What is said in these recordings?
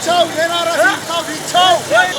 Tchau, Renan Tchau, tchau.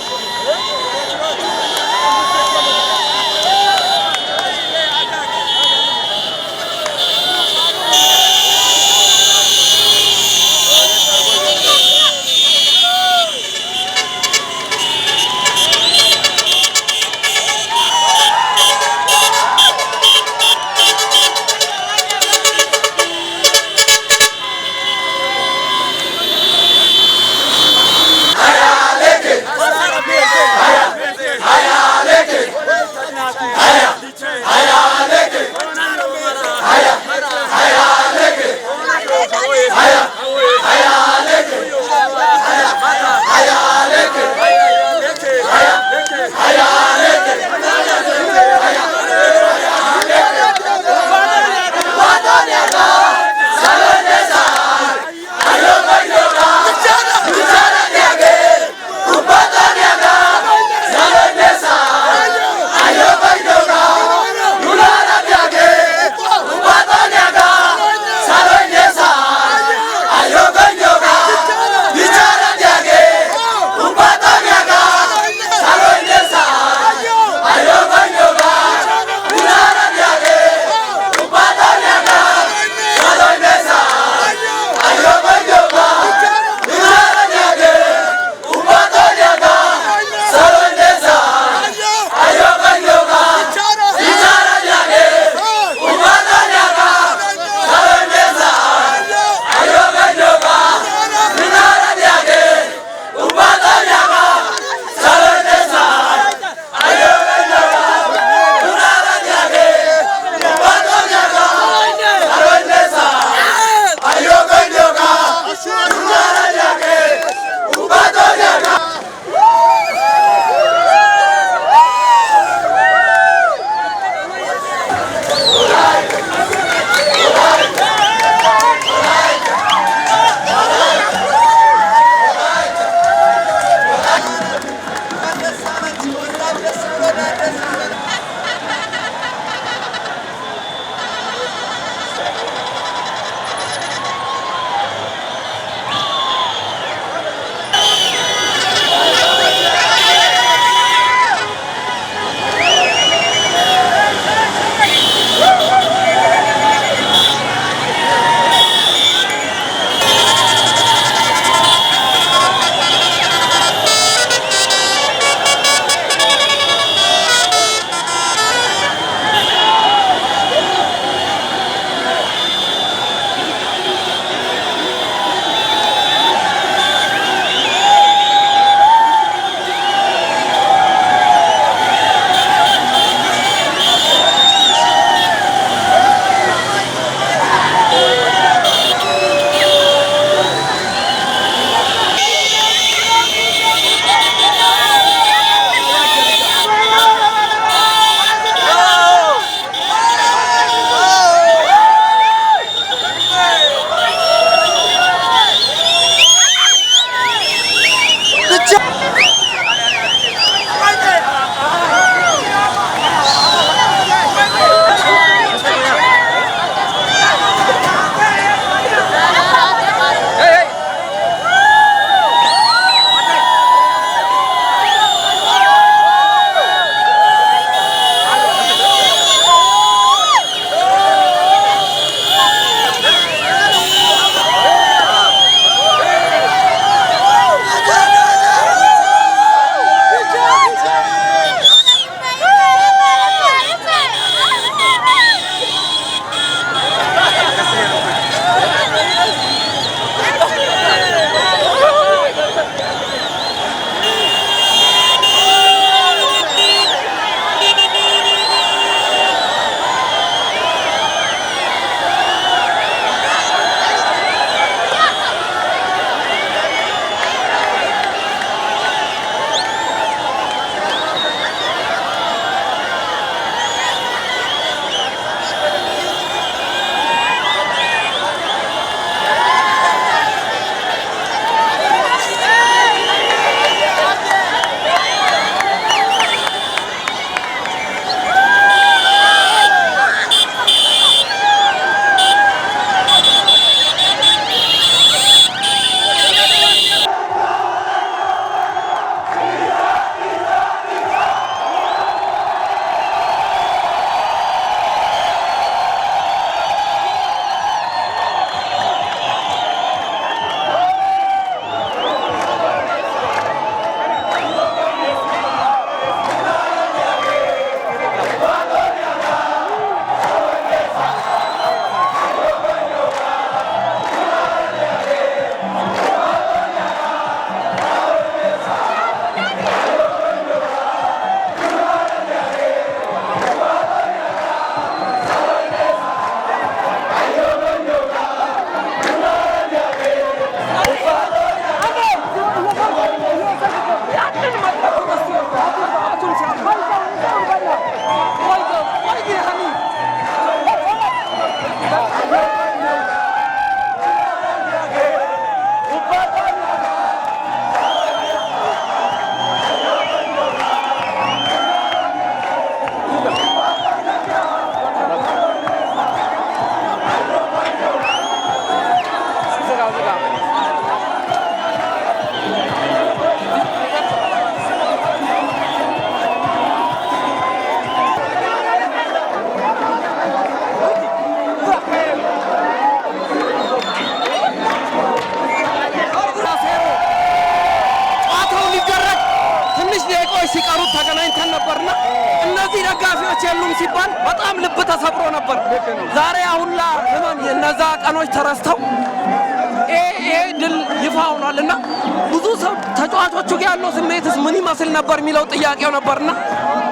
ነበር የሚለው ጥያቄው ነበርና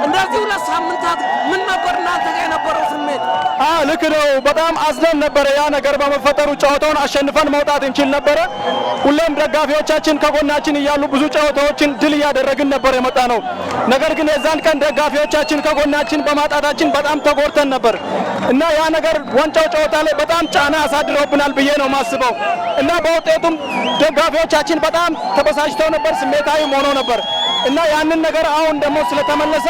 እንደዚህ ሁለት ሳምንታት ምን ነበር እናንተ ጋር የነበረው ስሜት? አዎ ልክ ነው። በጣም አዝነን ነበረ ያ ነገር በመፈጠሩ ጨዋታውን አሸንፈን መውጣት እንችል ነበረ። ሁሌም ደጋፊዎቻችን ከጎናችን እያሉ ብዙ ጨዋታዎችን ድል እያደረግን ነበር የመጣ ነው። ነገር ግን የዛን ቀን ደጋፊዎቻችን ከጎናችን በማጣታችን በጣም ተጎድተን ነበር እና ያ ነገር ዋንጫው ጨዋታ ላይ በጣም ጫና አሳድረውብናል ብዬ ነው ማስበው እና በውጤቱም ደጋፊዎቻችን በጣም ተበሳጭተው ነበር፣ ስሜታዊም ሆነው ነበር። እና ያንን ነገር አሁን ደግሞ ስለተመለሰ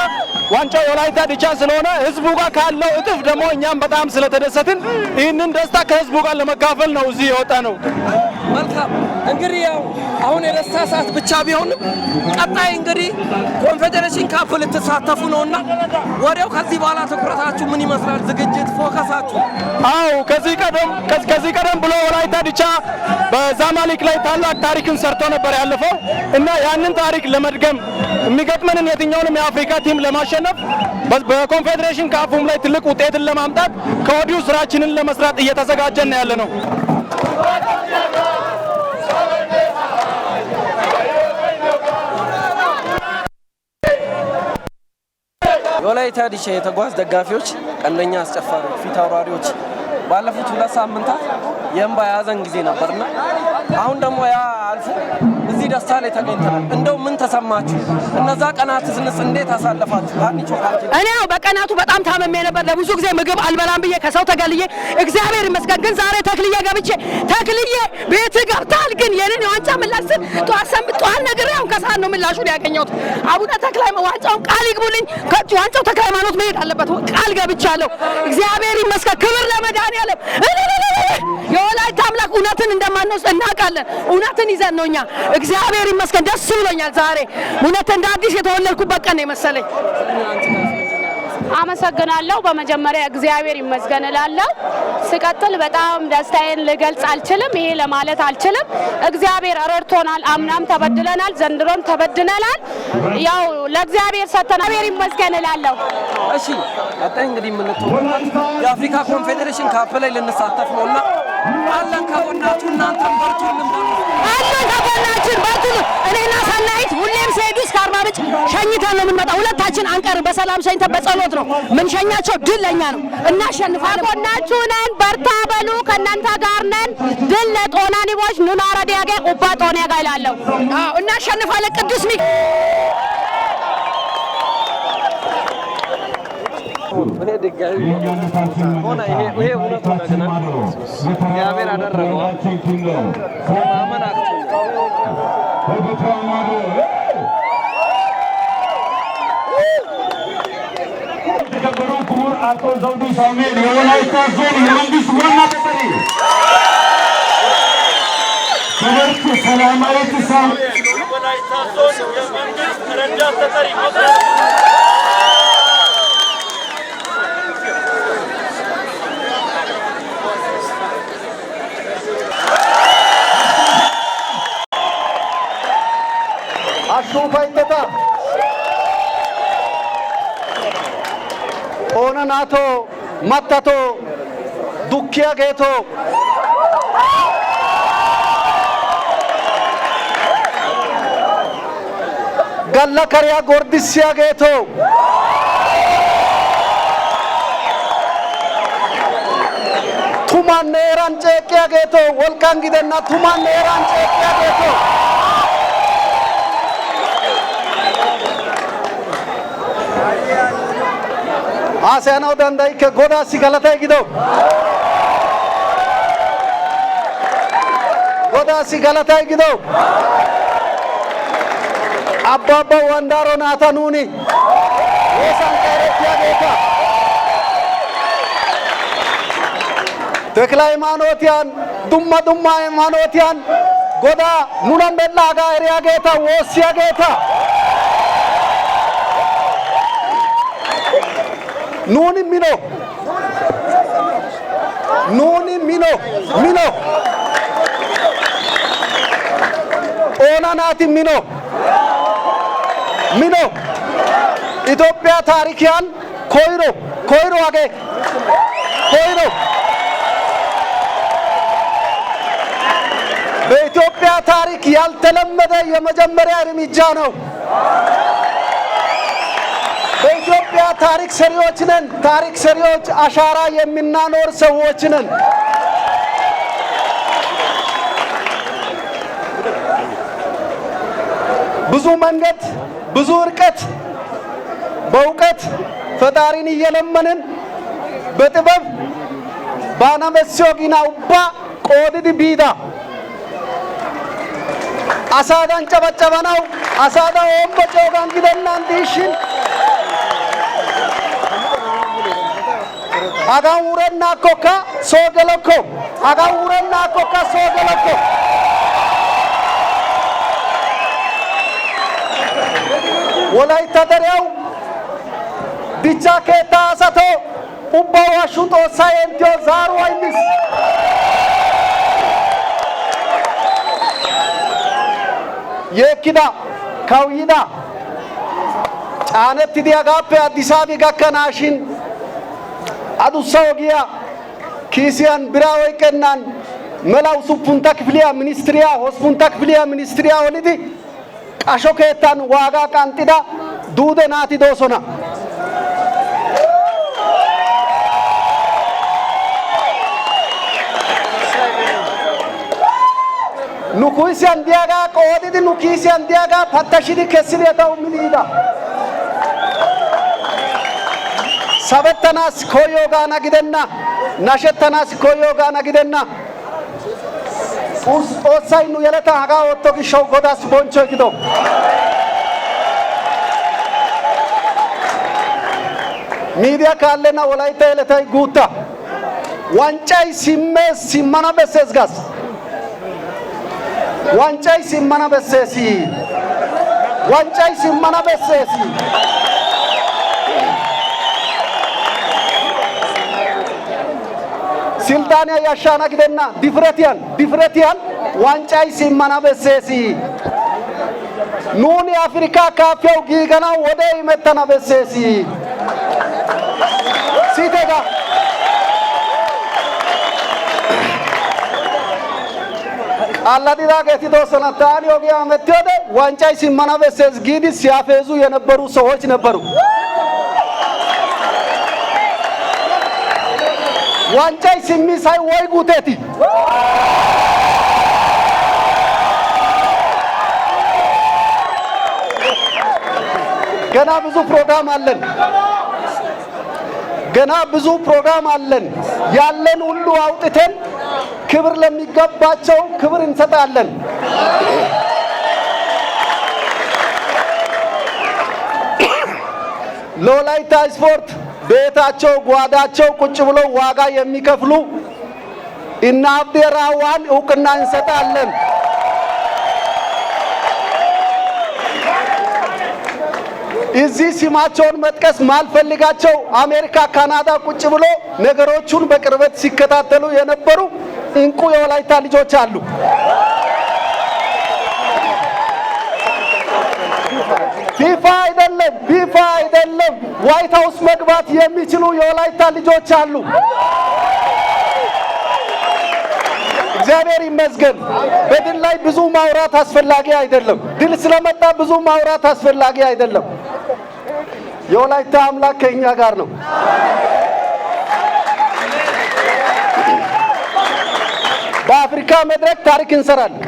ዋንጫ የወላይታ ድቻ ስለሆነ ህዝቡ ጋር ካለው እጥፍ ደግሞ እኛም በጣም ስለተደሰትን ይህንን ደስታ ከህዝቡ ጋር ለመካፈል ነው እዚህ የወጣ ነው። መልካም እንግዲህ ያው አሁን የደስታ ሰዓት ብቻ ቢሆንም ቀጣይ እንግዲህ ኮንፌዴሬሽን ካፕ ልትሳተፉ እና ወዲያው ከዚህ በኋላ ትኩረታችሁ ምን ይመስላል? ዝግጅት ፎከሳችሁ? አዎ ከዚህ ቀደም ከዚህ ቀደም ብሎ ወላይታ ዲቻ በዛማሊክ ላይ ታላቅ ታሪክን ሰርቶ ነበር ያለፈው እና ያንን ታሪክ ለመድገም የሚገጥመንን የትኛውንም የአፍሪካ ቲም ለማሸነፍ በኮንፌዴሬሽን ካፉም ላይ ትልቅ ውጤትን ለማምጣት ከወዲሁ ስራችንን ለመስራት እየተዘጋጀን ያለ ነው። የወላይታ ዲቻ የተጓዝ ደጋፊዎች ቀንደኛ አስጨፋሪዎች፣ ፊት አውራሪዎች ባለፉት ሁለት ሳምንታት የእንባ የያዘን ጊዜ ነበርና አሁን ደግሞ ያ አልፎ በዚህ ደስታ ላይ ተገኝተናል። እንደው ምን ተሰማችሁ? እነዛ ቀናት ስንስ እንዴት አሳለፋችሁ? አንቺ እኔ በቀናቱ በጣም ታመሜ ነበር። ለብዙ ጊዜ ምግብ አልበላም ብዬ ከሰው ተገልዬ እግዚአብሔር ይመስገን ግን ዛሬ ተክልዬ ገብቼ ተክልዬ ቤት ገብታል። ግን የኔን የዋንጫ ምላሽ ጠዋት ነገር ያው ከሰዓት ነው ምላሹን ያገኘሁት። አቡነ ተክላይ ዋንጫውን ቃል ይግቡልኝ። ዋንጫው ተክለ ሃይማኖት መሄድ አለበት ቃል ገብቻለሁ። እግዚአብሔር ይመስገን። ክብር ለመድኃኒዓለም። የወላይታ አምላክ እውነትን እንደማንወስድ እናውቃለን። እውነትን ይዘን ነው እኛ እግዚአብሔር ይመስገን ደስ ብሎኛል። ዛሬ እውነት እንደ አዲስ የተወለድኩበት ቀን ነው የመሰለኝ። አመሰግናለሁ። በመጀመሪያ እግዚአብሔር ይመስገን እላለሁ። ስቀጥል በጣም ደስታዬን ልገልጽ አልችልም፣ ይሄ ለማለት አልችልም። እግዚአብሔር ረድቶናል። አምናም ተበድለናል፣ ዘንድሮም ተበድለናል። ያው ለእግዚአብሔር ሰጥተናል። እግዚአብሔር ይመስገን እላለሁ። እሺ፣ ቀጣይ እንግዲህ የምንት የአፍሪካ ኮንፌዴሬሽን ካፕ ላይ ልንሳተፍ ነውና አለን ከጎናችሁ እናንተም በርቱልን። አለን ከጎናችን በርቱልን። እኔና ሰናይት ሁሌም ሲሄዱ እስከ አርባ ምንጭ ሸኝተን ነው የምንመጣው። ሁለታችን አንቀርም። በሰላም ሸኝተን በጸሎት ነው ምንሸኛቸው። ድል ለእኛ ነው። እናሸንፋለን። ከጎናችሁ ነን። በርታ በሉ። ከእናንተ ጋር ነን። ድል ለጦና ኒቦች ኑና ረዲያጌ ቁባ ጦንያ ጋር እናሸንፋለን። ቅዱስ ሚክ ድጋሚ ሆነ። ይሄ እውነቱ ነገነ እግዚአብሔር አደረገው ማመን አቶ ዘውዱ ሳሙኤል የወላይታ ዞን የመንግስት ዋና ተጠሪ ክብርት ሰላማዊት ሳሙኤል የወላይታ ዞን የመንግስት ረዳት ተጠሪ සූපයිත්තතා ඕන නාතෝ මත් අතෝ तो ගේතෝ गल्ला करया गोरदिस्या गए थो थुमा नेरान चेकिया थो वोलकांगी देना थुमा नेरान चेकिया थो haasayanaw dandayikke Godaassi galatay gido. Godaassi galatay gido. Abbaabba Wandaaro naata nuuni yeesan kayrettiyageeta tekila haymanootiyaan dumma dumma haymanootiyaan Godaa nunan bellaagaa eriyaageeta woossiyaageeta ኑኒ ሚኖ ኑኒ ሚኖ ሚኖ ጦና ሚኖ ሚኖ ኢትዮጵያ ታሪክያን ኮይሮ ኮይሮ አገ ኮይሮ በኢትዮጵያ ታሪክ ያልተለመደ የመጀመሪያ እርምጃ ነው። ኢትዮጵያ ታሪክ ሰሪዎች ነን። ታሪክ ሰሪዎች፣ አሻራ የምናኖር ሰዎች ነን። ብዙ መንገድ፣ ብዙ እርቀት በእውቀት ፈጣሪን እየለመንን በጥበብ ባናመሲዮ ጊና ውባ ቆድድ ቢዳ አሳዳን ጨበጨበናው አሳዳ ወንበ ጨውጋን እንዲሽን agawurenna kokka soogelokko agawurenna kokka soogelokko wolaytta deriyawu dichchaa keettaa asatoo ubbawu hashshu xoossay inttiyo zaaruwaa immis yeekkida kawuyida caanettidi hagaappe addisaabi gakkanaashin adusawogiya kiisiyan biraa oyqqennan mela usuppunta kifiliya ministiriya hospunta kifiliya ministiriya olidi qasho keettan waagaa qanxida duude naati doosona nu kuisiyan diyagaa qoodidi nu kiisiyan diyagaa pattashidi kessidi etawu miliida ಸವೆತ್ತನಾಸ್ ಕೋಯೋಗಾನಾಗಿದೆನ್ನ ನಶೆತ್ತನಾಸ್ ಕೋಯೋಗಾನಾಗಿದೆನ್ನ ಓಸೈನು ಎಲೆತ ಹಗ ಒತ್ತೋಗಿ ಶೌಕೋದಾಸ್ ಬೋಂಚೋಗಿದೋ ಮೀಡಿಯಾ ಕಾಲೆನ ಒಲೈತ ಎಲೆತೈ ಗೂತ ವಂಚಾಯಿ ಸಿಮ್ಮೆ ಸಿಮ್ಮನ ಬೆಸ್ಸೆಸ್ ಗಸ್ ವಂಚಾಯಿ ಸಿಮ್ಮನ ಬೆಸ್ಸೇಸಿ ವಂಚಾಯಿ ಸಿಮ್ಮನ ಬೆಸ್ಸೇಸಿ ስልጣን ያሻናግደና ድፍረትያን ድፍረትያን ዋንጫይ ሲመና ኑን የአፍሪካ ካፌው ጊገና ወደ ይመተና በሴሲ ሲተጋ አላዲራ ገት ታኒ ወጊያ መጥቶ ዋንጫይ ሲመና ጊዲ ሲያፈዙ የነበሩ ሰዎች ነበሩ። ዋንጫይ ሲሚሳይ ወይ ጉቴቲ ገና ብዙ ፕሮግራም አለን። ገና ብዙ ፕሮግራም አለን። ያለን ሁሉ አውጥተን ክብር ለሚገባቸው ክብር እንሰጣለን። ሎላይታ ስፖርት ቤታቸው ጓዳቸው ቁጭ ብለው ዋጋ የሚከፍሉ እና እውቅና እንሰጣለን። እዚህ ስማቸውን መጥቀስ ማልፈልጋቸው አሜሪካ፣ ካናዳ ቁጭ ብሎ ነገሮቹን በቅርበት ሲከታተሉ የነበሩ እንቁ የወላይታ ልጆች አሉ። አይደለም፣ ቢፋ አይደለም፣ ዋይት ሀውስ መግባት የሚችሉ የወላይታ ልጆች አሉ። እግዚአብሔር ይመስገን። በድል ላይ ብዙ ማውራት አስፈላጊ አይደለም። ድል ስለመጣ ብዙ ማውራት አስፈላጊ አይደለም። የወላይታ አምላክ ከእኛ ጋር ነው። በአፍሪካ መድረክ ታሪክ እንሰራለን።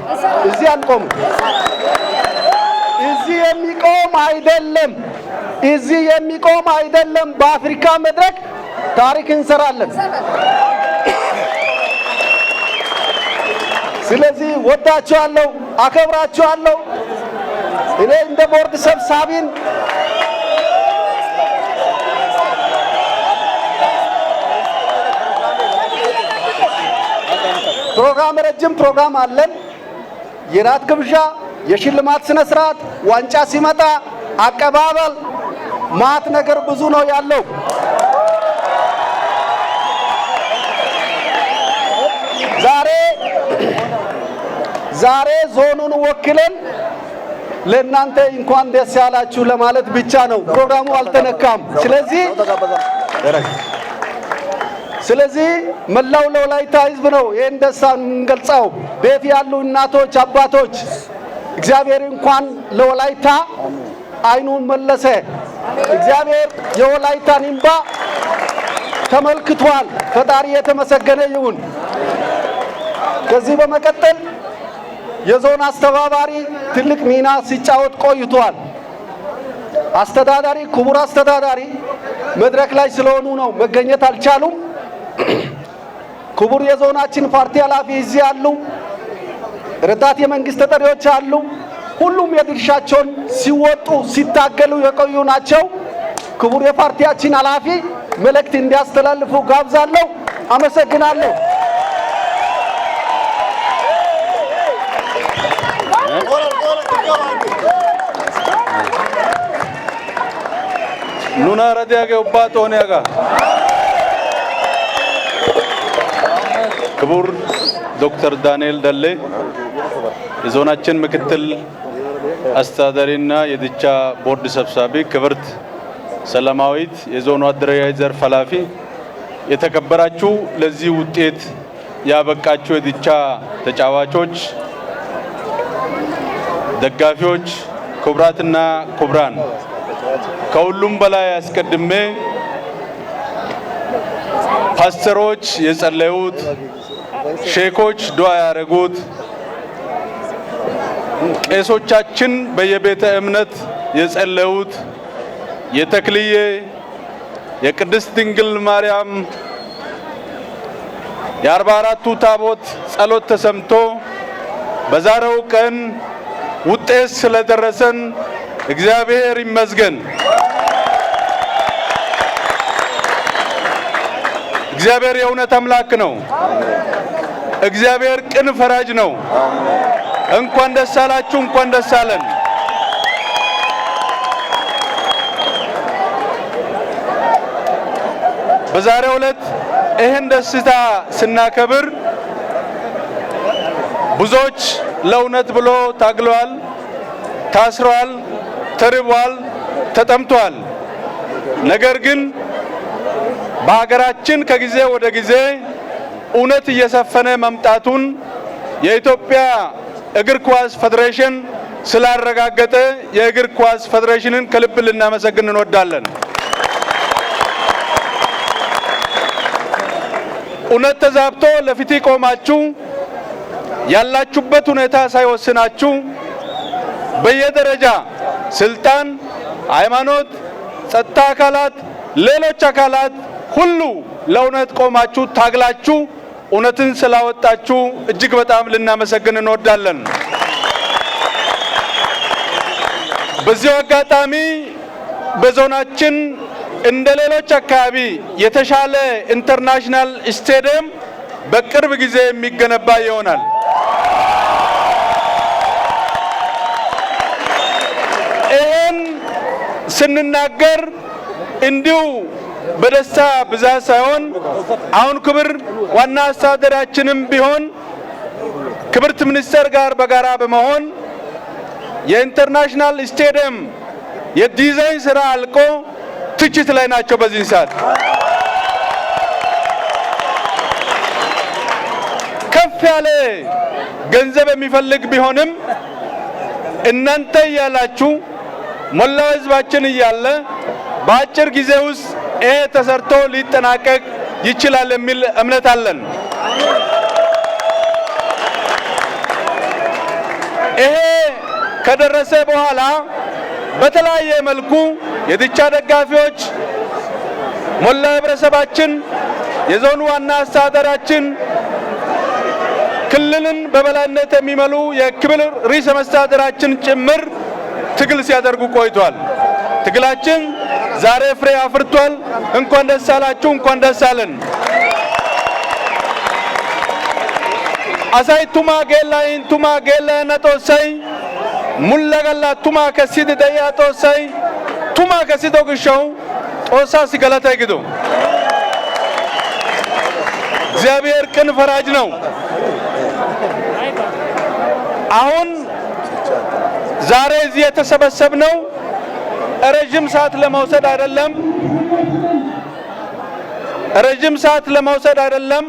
እዚህ አንቆምም። እዚህ የሚቆም አይደለም፣ እዚህ የሚቆም አይደለም። በአፍሪካ መድረክ ታሪክ እንሰራለን። ስለዚህ ወዳችኋለሁ፣ አከብራችኋለሁ። እኔ እንደ ቦርድ ሰብሳቢን ፕሮግራም ረጅም ፕሮግራም አለን የራት ግብዣ የሽልማት ስነ ስርዓት፣ ዋንጫ ሲመጣ አቀባበል፣ ማት ነገር ብዙ ነው ያለው። ዛሬ ዛሬ ዞኑን ወክለን ለእናንተ እንኳን ደስ ያላችሁ ለማለት ብቻ ነው። ፕሮግራሙ አልተነካም። ስለዚህ ስለዚህ መላው ለወላይታ ህዝብ ነው ይህን ደስታ እንገልጻው። ቤት ያሉ እናቶች፣ አባቶች እግዚአብሔር እንኳን ለወላይታ አይኑን መለሰ። እግዚአብሔር የወላይታን እንባ ተመልክቷል። ፈጣሪ የተመሰገነ ይሁን። ከዚህ በመቀጠል የዞን አስተባባሪ ትልቅ ሚና ሲጫወት ቆይቷል። አስተዳዳሪ ክቡር አስተዳዳሪ መድረክ ላይ ስለሆኑ ነው መገኘት አልቻሉም። ክቡር የዞናችን ፓርቲ ኃላፊ እዚህ ያሉ ረዳት የመንግስት ተጠሪዎች አሉ። ሁሉም የድርሻቸውን ሲወጡ ሲታገሉ የቆዩ ናቸው። ክቡር የፓርቲያችን ኃላፊ መልእክት እንዲያስተላልፉ ጋብዛለሁ። አመሰግናለሁ። ኑና ረዲያገ ውባት ኦኔጋ ክቡር ዶክተር ዳንኤል ደሌ የዞናችን ምክትል አስተዳዳሪና የድቻ ቦርድ ሰብሳቢ ክብርት ሰላማዊት፣ የዞኑ አደረጃጀት ዘርፍ ኃላፊ፣ የተከበራችሁ ለዚህ ውጤት ያበቃችሁ የድቻ ተጫዋቾች፣ ደጋፊዎች፣ ክቡራትና ክቡራን ከሁሉም በላይ አስቀድሜ ፓስተሮች የጸለዩት ሼኮች ዱዓ ያደረጉት ቄሶቻችን በየቤተ እምነት የጸለዩት የተክልዬ የቅድስት ድንግል ማርያም የአርባ አራቱ ታቦት ጸሎት ተሰምቶ በዛሬው ቀን ውጤት ስለደረሰን እግዚአብሔር ይመስገን። እግዚአብሔር የእውነት አምላክ ነው። እግዚአብሔር ቅን ፈራጅ ነው። እንኳን ደስ አላችሁ፣ እንኳን ደስ አለን። በዛሬው ዕለት ይህን ደስታ ስናከብር ብዙዎች ለእውነት ብሎ ታግለዋል፣ ታስረዋል፣ ተርበዋል፣ ተጠምቷል። ነገር ግን በሀገራችን ከጊዜ ወደ ጊዜ እውነት እየሰፈነ መምጣቱን የኢትዮጵያ እግር ኳስ ፌዴሬሽን ስላረጋገጠ የእግር ኳስ ፌዴሬሽንን ከልብ ልናመሰግን እንወዳለን። እውነት ተዛብቶ ለፊት ቆማችሁ ያላችሁበት ሁኔታ ሳይወስናችሁ በየደረጃ ስልጣን፣ ሃይማኖት፣ ጸጥታ አካላት፣ ሌሎች አካላት ሁሉ ለእውነት ቆማችሁ ታግላችሁ እውነትን ስላወጣችሁ እጅግ በጣም ልናመሰግን እንወዳለን። በዚሁ አጋጣሚ በዞናችን እንደ ሌሎች አካባቢ የተሻለ ኢንተርናሽናል ስቴዲየም በቅርብ ጊዜ የሚገነባ ይሆናል። ይህን ስንናገር እንዲሁ በደስታ ብዛት ሳይሆን አሁን ክብር ዋና አስተዳደራችንም ቢሆን ክብርት ሚኒስተር ጋር በጋራ በመሆን የኢንተርናሽናል ስቴዲየም የዲዛይን ስራ አልቆ ትችት ላይ ናቸው። በዚህ ሰዓት ከፍ ያለ ገንዘብ የሚፈልግ ቢሆንም እናንተ እያላችሁ ሞላ ህዝባችን እያለ በአጭር ጊዜ ውስጥ ይሄ ተሰርቶ ሊጠናቀቅ ይችላል የሚል እምነት አለን። ይሄ ከደረሰ በኋላ በተለያየ መልኩ የድቻ ደጋፊዎች ሞላ ህብረተሰባችን፣ የዞኑ ዋና አስተዳደራችን፣ ክልልን በበላይነት የሚመሉ የክብል ርዕሰ መስተዳድራችን ጭምር ትግል ሲያደርጉ ቆይቷል። ትግላችን ዛሬ ፍሬ አፍርቷል። እንኳን ደስ አላችሁ፣ እንኳን ደስ አለን። ቱማ ጌላ ቱማ ጌላ ነ ጦሳይ ሙለገላ ቱማ ከሲድ ደያ ጦሳይ ቱማ ከሲዶ ግሸው ጦሳ ገለታ ይግዶ እግዚአብሔር ቅን ፈራጅ ነው። አሁን ዛሬ እዚህ ነው ረዥም ሰዓት ለመውሰድ አይደለም ረዥም ሰዓት ለመውሰድ አይደለም።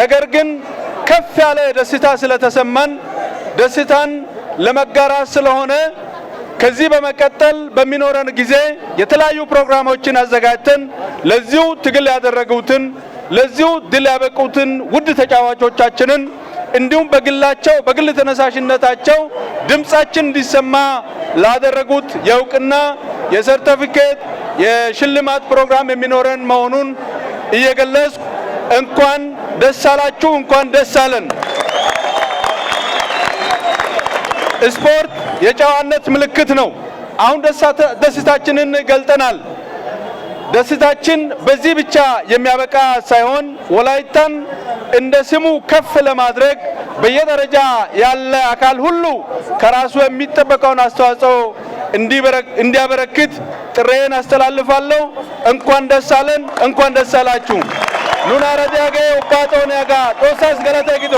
ነገር ግን ከፍ ያለ ደስታ ስለተሰማን ደስታን ለመጋራት ስለሆነ ከዚህ በመቀጠል በሚኖረን ጊዜ የተለያዩ ፕሮግራሞችን አዘጋጅተን ለዚሁ ትግል ያደረጉትን ለዚሁ ድል ያበቁትን ውድ ተጫዋቾቻችንን እንዲሁም በግላቸው በግል ተነሳሽነታቸው ድምጻችን እንዲሰማ ላደረጉት የእውቅና የሰርተፊኬት የሽልማት ፕሮግራም የሚኖረን መሆኑን እየገለጽኩ እንኳን ደስ አላችሁ፣ እንኳን ደስ አለን። ስፖርት የጨዋነት ምልክት ነው። አሁን ደስታችንን ገልጠናል። ደስታችን በዚህ ብቻ የሚያበቃ ሳይሆን ወላይታን እንደ ስሙ ከፍ ለማድረግ በየደረጃ ያለ አካል ሁሉ ከራሱ የሚጠበቀውን አስተዋጽኦ እንዲያበረክት ጥሬን አስተላልፋለሁ። እንኳን ደስ አለን፣ እንኳን ደስ አላችሁ። ኑና ረዲያገ ውቃጦን ያጋ ጦሳስ ገለተ ጊጦ